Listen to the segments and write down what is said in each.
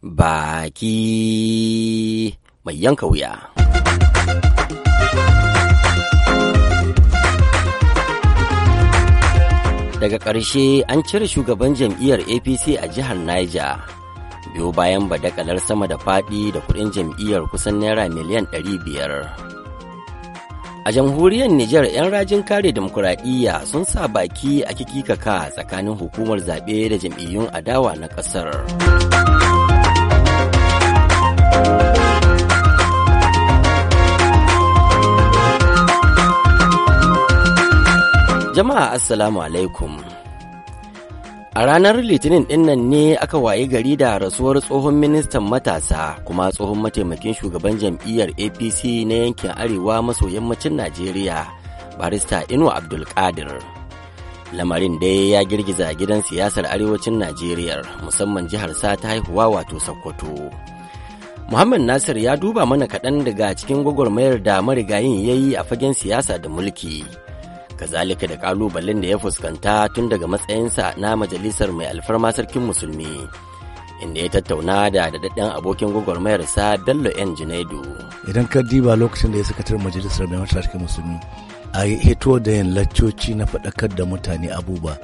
baki mai yanka wuya. Daga ƙarshe an cire shugaban jam'iyyar APC a jihar Niger. Biyo bayan badakalar sama da faɗi da kuɗin jam'iyyar kusan naira miliyan ɗari biyar. A jamhuriyar Nijar 'yan rajin kare demokuraɗiyya sun sa baki a kikikaka tsakanin hukumar zaɓe da jam'iyyun adawa na ƙasar. Jama'a Assalamu alaikum. A ranar Litinin ɗinnan ne aka waye gari da rasuwar tsohon ministan matasa kuma tsohon mataimakin shugaban jam'iyyar APC na yankin Arewa maso yammacin Najeriya, barista Inu Abdulkadir. Lamarin dai ya girgiza gidan siyasar arewacin Najeriya musamman jihar sa ta haihuwa wato Sokoto. Muhammad Nasir ya duba mana kaɗan daga cikin gwagwarmayar da marigayin ya yi a fagen siyasa da mulki. kazalika da kalubalen da ya fuskanta tun daga matsayinsa na majalisar mai alfarma sarkin musulmi inda ya tattauna da daɗaɗɗen abokin gwagwarmayarsa bello yan junaidu idan ka diba lokacin da ya sakatar majalisar mai alfarma sarkin musulmi a hito da yin laccoci na faɗakar da mutane abubuwa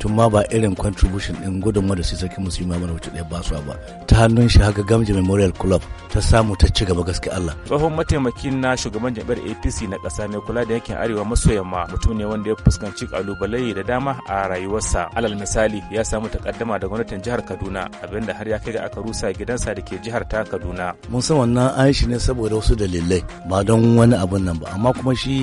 tun ma ba irin contribution din gudunmu da su sarki yi mana wuce ɗaya ba su ba ta hannun shi haka gamji memorial club ta samu ta ci gaba gaske Allah tsohon mataimakin na shugaban jami'ar APC na ƙasa mai kula da yankin arewa maso yamma mutum ne wanda ya fuskanci kalubale da dama a rayuwarsa alal misali ya samu takaddama da gwamnatin jihar Kaduna abinda har ya kai ga aka rusa gidansa da ke jihar ta Kaduna mun san wannan aishi ne saboda wasu dalilai ba don wani abun nan ba amma kuma shi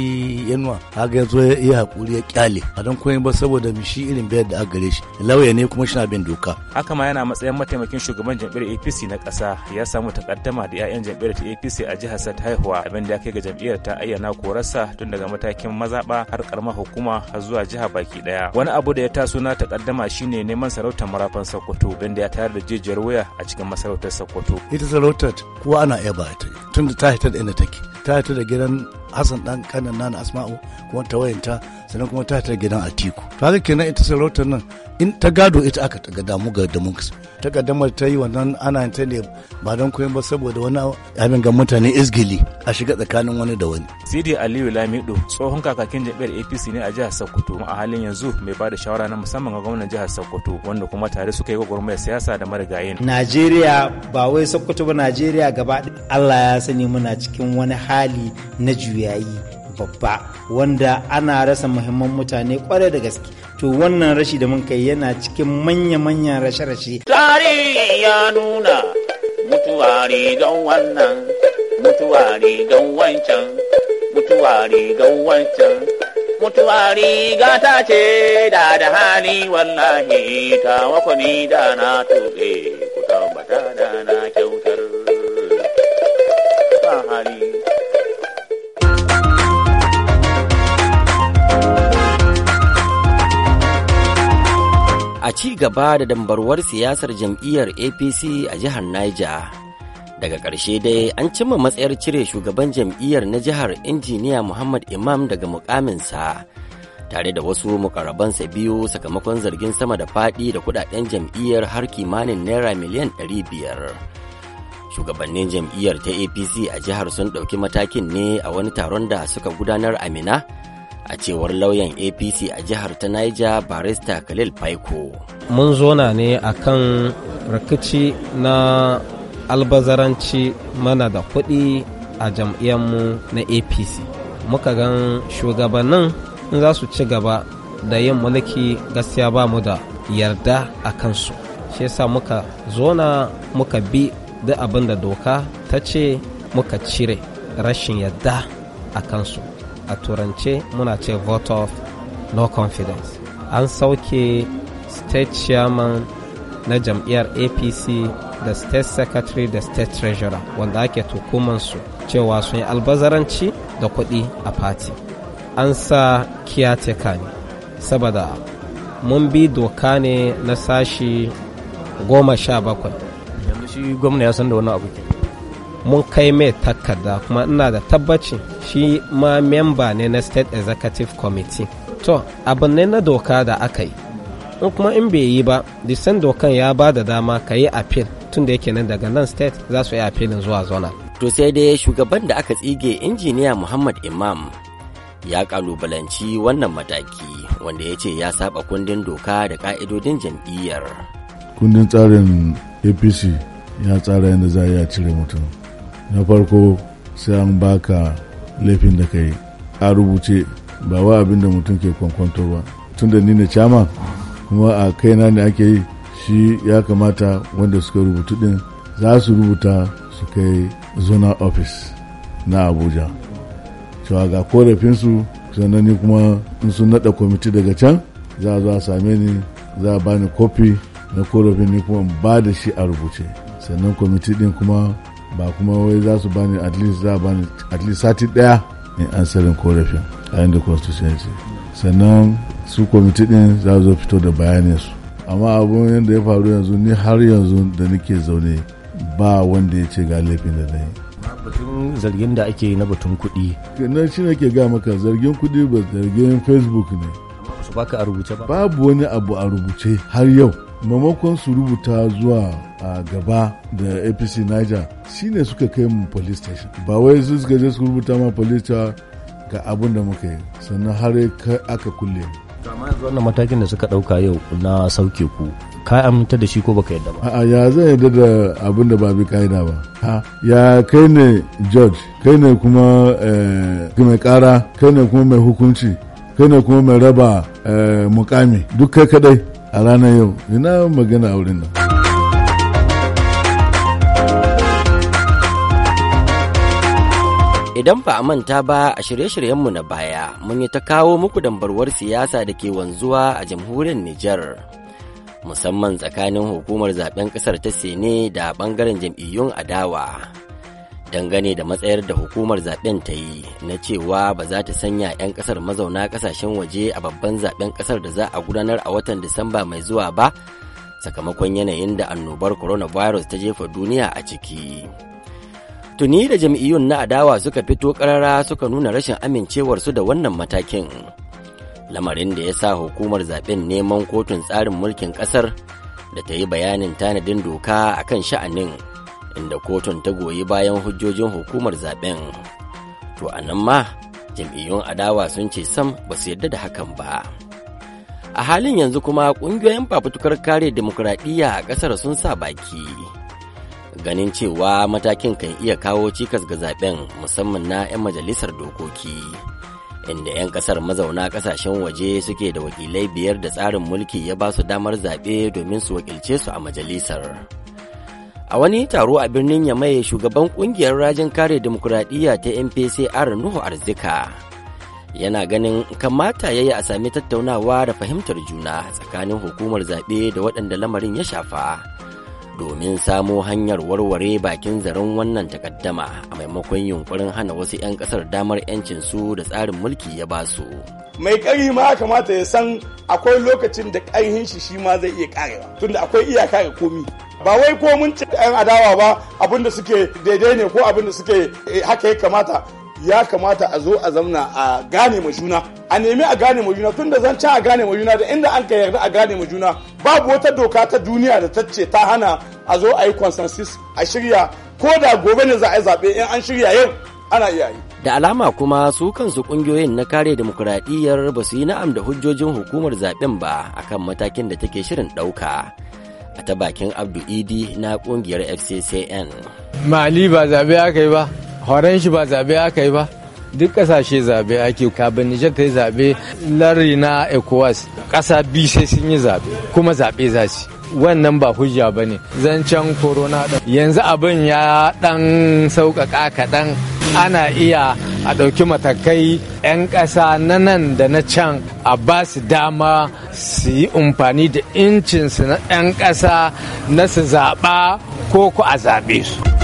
yanwa haka ya zo ya hakuri ya kyale a don koyin ba saboda shi irin bai rinjayar da gare shi lauya ne kuma shi na bin doka haka ma yana matsayin mataimakin shugaban jam'iyyar apc na ƙasa ya samu takaddama da 'ya'yan jam'iyyar ta apc a jihar sa ta haihuwa abin da ya kai ga jam'iyyar ta ayyana korarsa tun daga matakin mazaɓa har karamar hukuma har zuwa jiha baki ɗaya wani abu da ya taso na takaddama shine neman sarautar marafan sokoto bin da ya tayar da jijiyar waya a cikin masarautar sokoto ita sarautar kuwa ana ba ta tun da ta da inda take ta da gidan hassan dan kanan nan asma'u kuma ta wayanta sannan kuma ta ta gidan atiku ta ga kenan ita sarautar nan in ta gado ita aka ta damu ga da ta kaddamar ta yi wannan ana ta ne ba don koyon ba saboda wani abin ga mutane izgili a shiga tsakanin wani da wani sidi aliyu lamido tsohon kakakin jami'ar apc ne a jihar sokoto a halin yanzu mai ba da shawara na musamman ga gwamnan jihar sokoto wanda kuma tare suka yi gwagwarmayar siyasa da marigayin najeriya ba wai sokoto ba najeriya gaba allah ya sani muna cikin wani hali na juya yayi babba wanda ana rasa muhimman mutane kwarai da gaske to wannan rashi da mun kai yana cikin manya-manyan rashe-rashe tarihi ya nuna mutuwa don wannan mutuwa don wancan mutuwa don wancan mutuwa riga ta ce da da hali wallahi ta wakwani da na tuɓe ku tabbata da na kyautar hali a ci gaba da dambarwar siyasar jam'iyyar apc a jihar niger daga ƙarshe dai an cimma matsayar cire shugaban jam'iyyar na jihar injiniya muhammad imam daga mukaminsa tare da wasu mukarabansa biyu sakamakon zargin sama da faɗi da kudaden jam'iyyar har kimanin naira miliyan 500 shugabannin jam'iyyar ta apc a jihar sun ɗauki matakin ne a wani taron da suka gudanar Amina? a cewar lauyan apc a jihar ta niger barista khalil faiko mun zona ne a kan rikici na albazaranci mana da kuɗi a jam'iyyarmu na apc muka gan shugabannin in za su ci gaba da yin mulki gaskiya ba mu da yarda a kansu shi yasa muka zona muka bi duk abin da doka ta ce muka cire rashin yarda a kansu a turance muna ce vote of no confidence an sauke state chairman na jam'iyyar apc da state secretary da state treasurer wanda ake tukumansu cewa sun yi albazaranci da kuɗi a fati an sa kiyateka ne saboda mun bi doka ne na sashi goma sha bakwai yanzu shi gwamna ya san da wani abu ke mun kai mai takarda kuma ina da tabbaci shi ma memba ne na state executive committee to abin ne na doka da aka yi in kuma in bai yi ba disan dokan ya ba da dama ka yi appeal tun da yake nan daga nan state za su yi appealin zuwa zona to sai dai shugaban da aka tsige injiniya muhammad imam ya kalubalanci wannan mataki wanda ya ce ya saba kundin doka da ka'idodin jam'iyyar kundin tsarin apc ya tsara yadda za a cire mutum na farko sai an baka laifin da ka a rubuce ba wa abin da mutum ke kwankwanto ba tun da ni ne cama kuma a kaina ne ake yi shi ya kamata wanda suka rubutu din za su rubuta su kai zona office na abuja cewa ga korafinsu sannan ni kuma in sun nada kwamiti daga can za a zo a same ni za a bani kofi na korafin ni kuma ba da shi a rubuce sannan kwamiti din kuma ba kuma wai za su bani at least za bani at least sati daya in an sarin korafin a yadda constituency sannan su kwamiti din za zo fito da bayanin su amma abun yadda ya faru yanzu ni har yanzu da nake zaune ba wanda ya ce ga laifin da na yi batun zargin da ake na batun kuɗi. na shi nake ga maka zargin kuɗi ba zargin facebook ne. su baka a rubuce ba. Babu wani abu a rubuce har yau. maimakon su rubuta zuwa a gaba da apc niger shine suka kai mu police station ba wai su suka je su rubuta ma police ga abin da muka yi sannan har aka kulle amma yanzu wannan matakin da suka dauka yau na sauke ku ka aminta da shi ko baka yadda ba a'a ya zan yadda da abin da ba bi ka'ida ba ha ya kai ne george kai ne kuma eh, mai kara kai ne kuma mai hukunci kai ne kuma mai raba eh, mukami duk kai kadai a ranar yau ina magana a wurin nan idan ba a manta ba a shirye-shiryenmu na baya mun yi ta kawo muku dambarwar siyasa da ke wanzuwa a jamhuriyar Nijar musamman tsakanin hukumar zaben kasar ta sene da bangaren jam'iyyun adawa dangane da matsayar da hukumar zaben ta yi na cewa ba za ta sanya 'yan kasar mazauna kasashen waje a babban zaben kasar da za a gudanar a watan disamba mai zuwa ba sakamakon yanayin da annobar coronavirus ta jefa duniya a ciki tuni da jam'iyyun na adawa suka fito karara suka nuna rashin amincewarsu da wannan matakin lamarin da ya sa hukumar zaben neman kotun tsarin mulkin kasar da ta yi bayanin tanadin doka akan sha'anin inda kotun ta goyi bayan hujjojin hukumar zaben to a nan ma jam'iyyun adawa sun ce sam ba su yarda da hakan ba a halin yanzu kuma ƙungiyoyin fafutukar kare demokuraɗiyya a ƙasar sun sa baki ganin cewa matakin kan iya kawo cikas ga zaben musamman na 'yan majalisar dokoki inda 'yan ƙasar mazauna ƙasashen waje suke da wakilai biyar da tsarin mulki ya ba su damar zaɓe domin su wakilce su a majalisar. A wani taro a birnin Yamai shugaban kungiyar rajin kare demokuraɗiyya ta MPCR Nuhu Arzika yana ganin kamata yayi a sami tattaunawa da fahimtar juna tsakanin hukumar zaɓe da waɗanda lamarin ya shafa domin samo hanyar warware bakin zaren wannan takaddama a maimakon yunkurin hana wasu 'yan kasar damar 'yancin su da tsarin mulki ya ba su. Mai ƙari ma kamata ya san akwai lokacin da ƙarhin shi shi ma zai iya ƙarewa tunda akwai iyaka ga komi. Ba wai ko mun ci 'yan adawa ba abinda suke daidai ne ko abinda suke eh, haka ya kamata ya kamata a zo a zamna a gane ma juna a nemi a gane ma juna tunda zan ci a gane ma juna da inda an ka yarda a gane ma juna babu wata doka ta duniya da ta ce ta hana a zo a yi consensus a shirya ko da gobe ne za a yi zaɓe in an shirya yau ana iya yi da alama kuma su kansu kungiyoyin na kare demokuraɗiyyar ba su yi na'am da hujjojin hukumar zaɓen ba akan matakin da take shirin ɗauka a ta bakin abdu idi na kungiyar fccn mali ba zaɓe aka yi ba horon shi ba zabe aka yi ba duk kasashe zabe ake kabin nijar ta yi zabe lari na ecowas kasa biyu sai sun yi zabe kuma zabe za su wannan ba hujja ba ne zancen corona ɗin yanzu abin ya ɗan sauƙaƙa kaɗan ana iya a ɗauki matakai 'yan ƙasa na nan da na can a ba su dama su yi amfani da incinsu na 'yan ƙasa na su zaɓa ko ku a zaɓe su.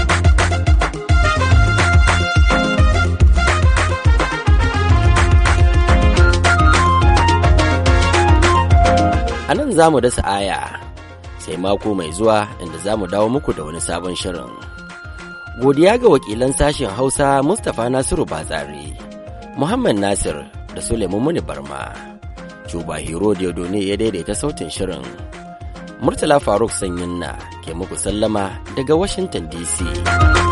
za mu dasa aya sai mako mai zuwa inda za mu dawo muku da wani sabon shirin. Godiya ga wakilan sashen Hausa Mustapha Nasiru Batsari, Muhammad Nasir da Suleiman Muni Barma. Cuba Hero Diodone ya daidaita sautin shirin. Murtala Faruk Sanyin na ke muku sallama daga Washington DC.